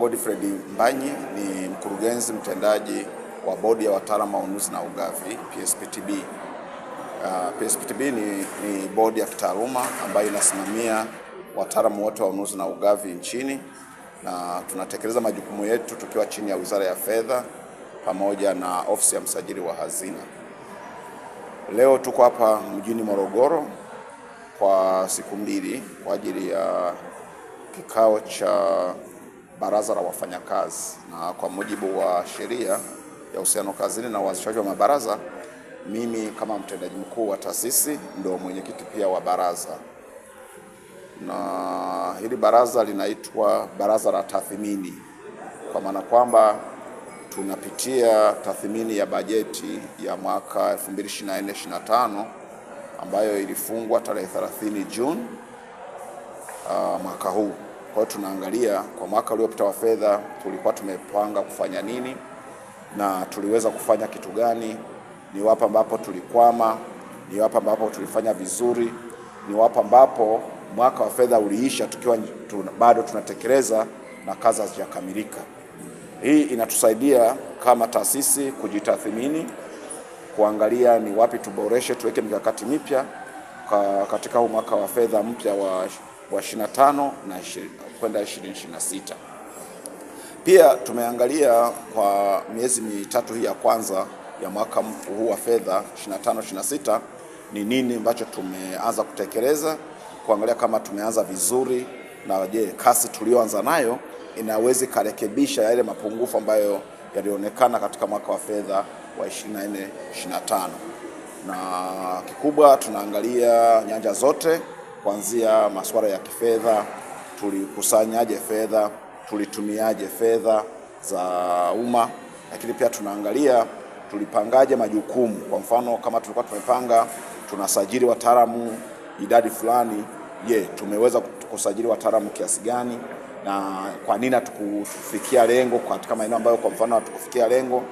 Godfred Mbanyi ni mkurugenzi mtendaji wa bodi ya wataalamu wa ununuzi na ugavi PSPTB. Uh, ah, PSPTB ni, ni bodi ya kitaaluma ambayo inasimamia wataalamu wote wa ununuzi na ugavi nchini na tunatekeleza majukumu yetu tukiwa chini ya Wizara ya Fedha pamoja na ofisi ya msajili wa hazina. Leo tuko hapa mjini Morogoro kwa siku mbili kwa ajili ya kikao cha baraza la wafanyakazi, na kwa mujibu wa sheria ya uhusiano kazini na uanzishaji wa mabaraza, mimi kama mtendaji mkuu wa taasisi ndio mwenyekiti pia wa baraza, na hili baraza linaitwa baraza la tathmini, kwa maana kwamba tunapitia tathmini ya bajeti ya mwaka 2024/25 ambayo ilifungwa tarehe 30 Juni uh, mwaka huu. Kwa hiyo tunaangalia kwa mwaka uliopita wa fedha tulikuwa tumepanga kufanya nini na tuliweza kufanya kitu gani, ni wapi ambapo tulikwama, ni wapi ambapo tulifanya vizuri, ni wapi ambapo mwaka wa fedha uliisha tukiwa bado tunatekeleza na kazi hazijakamilika. Hii inatusaidia kama taasisi kujitathmini, kuangalia ni wapi tuboreshe, tuweke mikakati mipya katika huu mwaka wa fedha mpya wa wa 25 na kwenda 2026. Pia tumeangalia kwa miezi mitatu hii ya kwanza ya mwaka huu wa fedha 25 26 ni nini ambacho tumeanza kutekeleza, kuangalia kama tumeanza vizuri na je, kasi tuliyoanza nayo inaweza karekebisha yale mapungufu ambayo yalionekana katika mwaka wa fedha wa 24 25. Na kikubwa tunaangalia nyanja zote kuanzia masuala ya kifedha, tulikusanyaje fedha, tulitumiaje fedha za umma, lakini pia tunaangalia tulipangaje majukumu. Kwa mfano kama tulikuwa tumepanga tunasajili wataalamu idadi fulani, je, tumeweza kusajili wataalamu kiasi gani na kwa nini hatukufikia lengo katika maeneo ambayo kwa mfano hatukufikia lengo.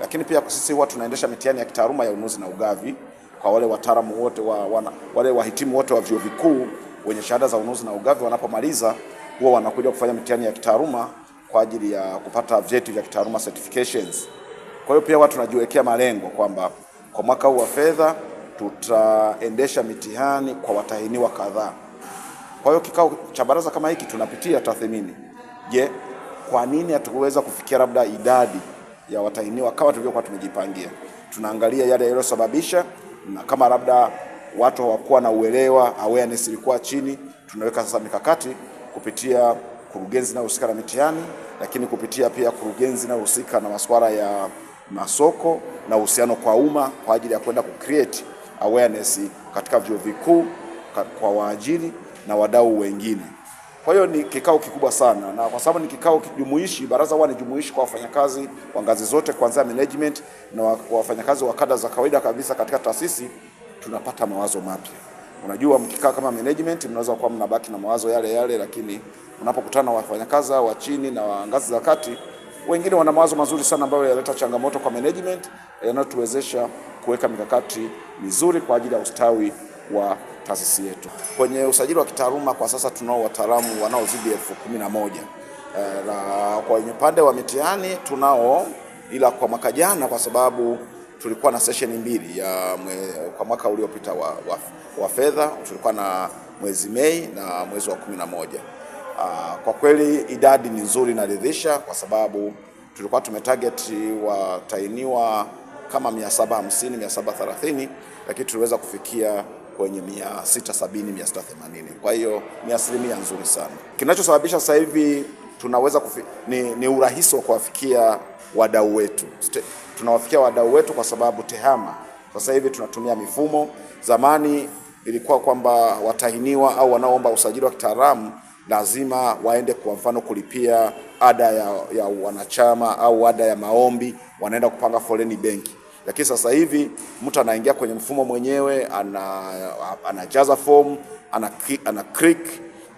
Lakini pia sisi huwa tunaendesha mitihani ya kitaaluma ya ununuzi na ugavi kwa wale wataalamu wote wa, wana, wale wahitimu wote wa vyuo vikuu wenye shahada za unuzi na ugavi wanapomaliza huwa wanakuja kufanya mitihani ya kitaaluma kwa ajili ya kupata vyeti vya kitaaluma certifications. Kwa hiyo pia watu tunajiwekea malengo kwamba kwa mwaka huu wa fedha tutaendesha mitihani kwa watahiniwa kadhaa. Kwa hiyo kikao cha baraza kama hiki tunapitia tathmini. Je, kwa nini hatukuweza kufikia labda idadi ya watahiniwa kama tulivyokuwa tumejipangia? Tunaangalia yale yaliyosababisha na kama labda watu hawakuwa na uelewa, awareness ilikuwa chini, tunaweka sasa mikakati kupitia kurugenzi inayohusika na mitihani, lakini kupitia pia kurugenzi inayohusika na masuala ya masoko na uhusiano kwa umma kwa ajili ya kwenda kucreate awareness katika vyuo vikuu kwa waajiri na wadau wengine. Kwa hiyo ni kikao kikubwa sana, na kwa sababu ni kikao kijumuishi, baraza huwa ni jumuishi kwa wafanyakazi wa ngazi zote, kuanzia management na wafanyakazi wa kada za kawaida kabisa katika taasisi. Tunapata mawazo mapya. Unajua, mkikaa kama management mnaweza kuwa mnabaki na mawazo yale yale, lakini unapokutana na wafanyakazi wa chini na wa ngazi za kati, wengine wana mawazo mazuri sana ambayo yanaleta changamoto kwa management, yanayotuwezesha kuweka mikakati mizuri kwa ajili ya ustawi wa taasisi yetu. Kwenye usajili wa kitaaluma kwa sasa tunao wataalamu wanaozidi elfu kumi na moja eh, na kwenye upande wa mitihani tunao, ila kwa mwaka jana kwa sababu tulikuwa na session mbili ya mwe, kwa mwaka uliopita wa, wa, wa fedha tulikuwa na mwezi Mei na mwezi wa kumi na moja. Aa, ah, kwa kweli idadi ni nzuri inaridhisha, kwa sababu tulikuwa tumetarget watainiwa kama 750 730 lakini tuliweza kufikia kwenye sita themanini Kwa hiyo ni asilimia nzuri sana. Kinachosababisha sasa hivi tunaweza kufi, ni, ni urahisi wa kuwafikia wadau wetu. Tunawafikia wadau wetu kwa sababu TEHAMA sasa hivi tunatumia mifumo. Zamani ilikuwa kwamba watahiniwa au wanaoomba usajili wa kitaalamu lazima waende kwa mfano kulipia ada ya, ya wanachama au ada ya maombi, wanaenda kupanga foleni benki lakini sasa hivi mtu anaingia kwenye mfumo mwenyewe, ana anajaza form, ana, ana click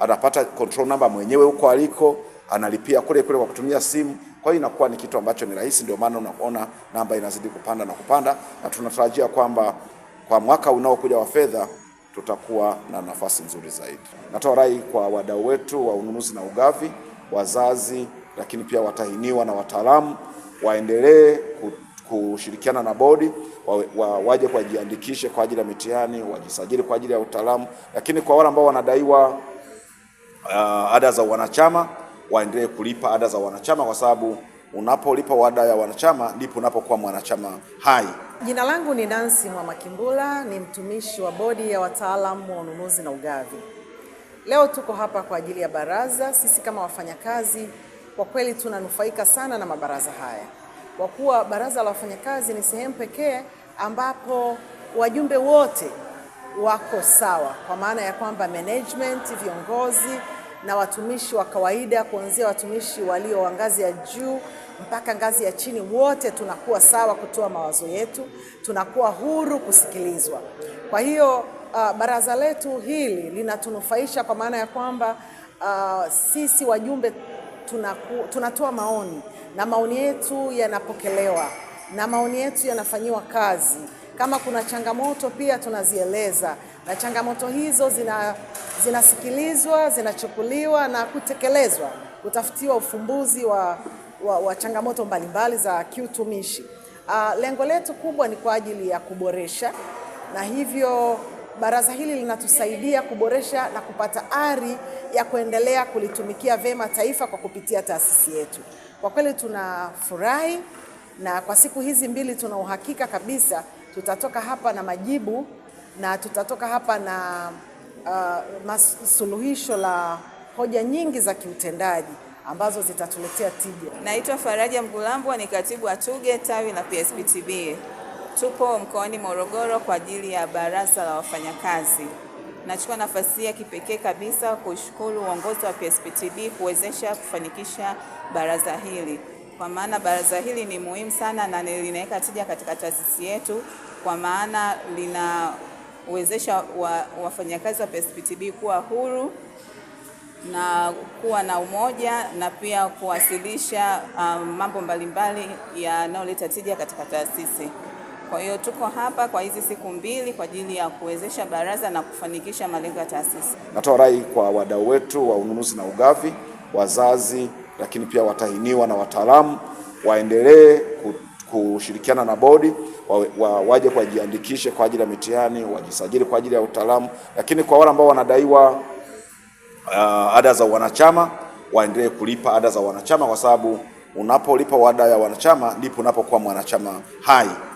anapata control number mwenyewe huko aliko, analipia kule kule kwa kutumia simu. Kwa hiyo inakuwa ni kitu ambacho ni rahisi, ndio maana unaona namba inazidi kupanda na kupanda, na tunatarajia kwamba kwa mwaka unaokuja wa fedha tutakuwa na nafasi nzuri zaidi. Natoa rai kwa wadau wetu wa ununuzi na ugavi, wazazi, lakini pia watahiniwa na wataalamu waendelee kushirikiana na bodi wa, wa, waje wajiandikishe kwa ajili ya mitihani, wajisajili kwa ajili ya utaalamu, lakini kwa wale ambao wanadaiwa uh, ada za wanachama waendelee kulipa ada za wanachama kwa sababu unapolipa ada ya wanachama ndipo unapokuwa mwanachama hai. Jina langu ni Nancy Mwamakimbula, ni mtumishi wa bodi ya wataalamu wa ununuzi na ugavi. Leo tuko hapa kwa ajili ya baraza. Sisi kama wafanyakazi kwa kweli tunanufaika sana na mabaraza haya kwa kuwa baraza la wafanyakazi ni sehemu pekee ambapo wajumbe wote wako sawa, kwa maana ya kwamba management, viongozi na watumishi wa kawaida, kuanzia watumishi walio wa ngazi ya juu mpaka ngazi ya chini, wote tunakuwa sawa kutoa mawazo yetu, tunakuwa huru kusikilizwa. Kwa hiyo uh, baraza letu hili linatunufaisha kwa maana ya kwamba uh, sisi wajumbe tunaku, tunatoa maoni na maoni yetu yanapokelewa na maoni yetu yanafanyiwa kazi. Kama kuna changamoto pia tunazieleza, na changamoto hizo zina zinasikilizwa, zinachukuliwa na kutekelezwa, kutafutiwa ufumbuzi wa, wa, wa changamoto mbalimbali za kiutumishi. Uh, lengo letu kubwa ni kwa ajili ya kuboresha, na hivyo baraza hili linatusaidia kuboresha na kupata ari ya kuendelea kulitumikia vema taifa kwa kupitia taasisi yetu. Kwa kweli tunafurahi, na kwa siku hizi mbili tuna uhakika kabisa tutatoka hapa na majibu na tutatoka hapa na uh, suluhisho la hoja nyingi za kiutendaji ambazo zitatuletea tija. Naitwa Faraja Mgulambwa, ni katibu wa TUGHE tawi la PSPTB. Tupo mkoani Morogoro kwa ajili ya baraza la wafanyakazi. Nachukua nafasi ya kipekee kabisa kushukuru uongozi wa PSPTB kuwezesha kufanikisha baraza hili, kwa maana baraza hili ni muhimu sana na linaweka tija katika taasisi yetu, kwa maana linawezesha wafanyakazi wa, wa PSPTB kuwa huru na kuwa na umoja na pia kuwasilisha um, mambo mbalimbali yanayoleta tija katika taasisi. Kwa hiyo tuko hapa kwa hizi siku mbili kwa ajili ya kuwezesha baraza na kufanikisha malengo ya taasisi. Natoa rai kwa wadau wetu wa ununuzi na ugavi, wazazi, lakini pia watahiniwa na wataalamu waendelee kushirikiana na bodi wa, wa, waje wajiandikishe kwa ajili ya mitihani, wajisajili kwa ajili ya utaalamu, lakini kwa wale ambao wanadaiwa uh, ada za wanachama waendelee kulipa ada za wanachama, kwa sababu unapolipa ada ya wanachama ndipo unapokuwa mwanachama hai.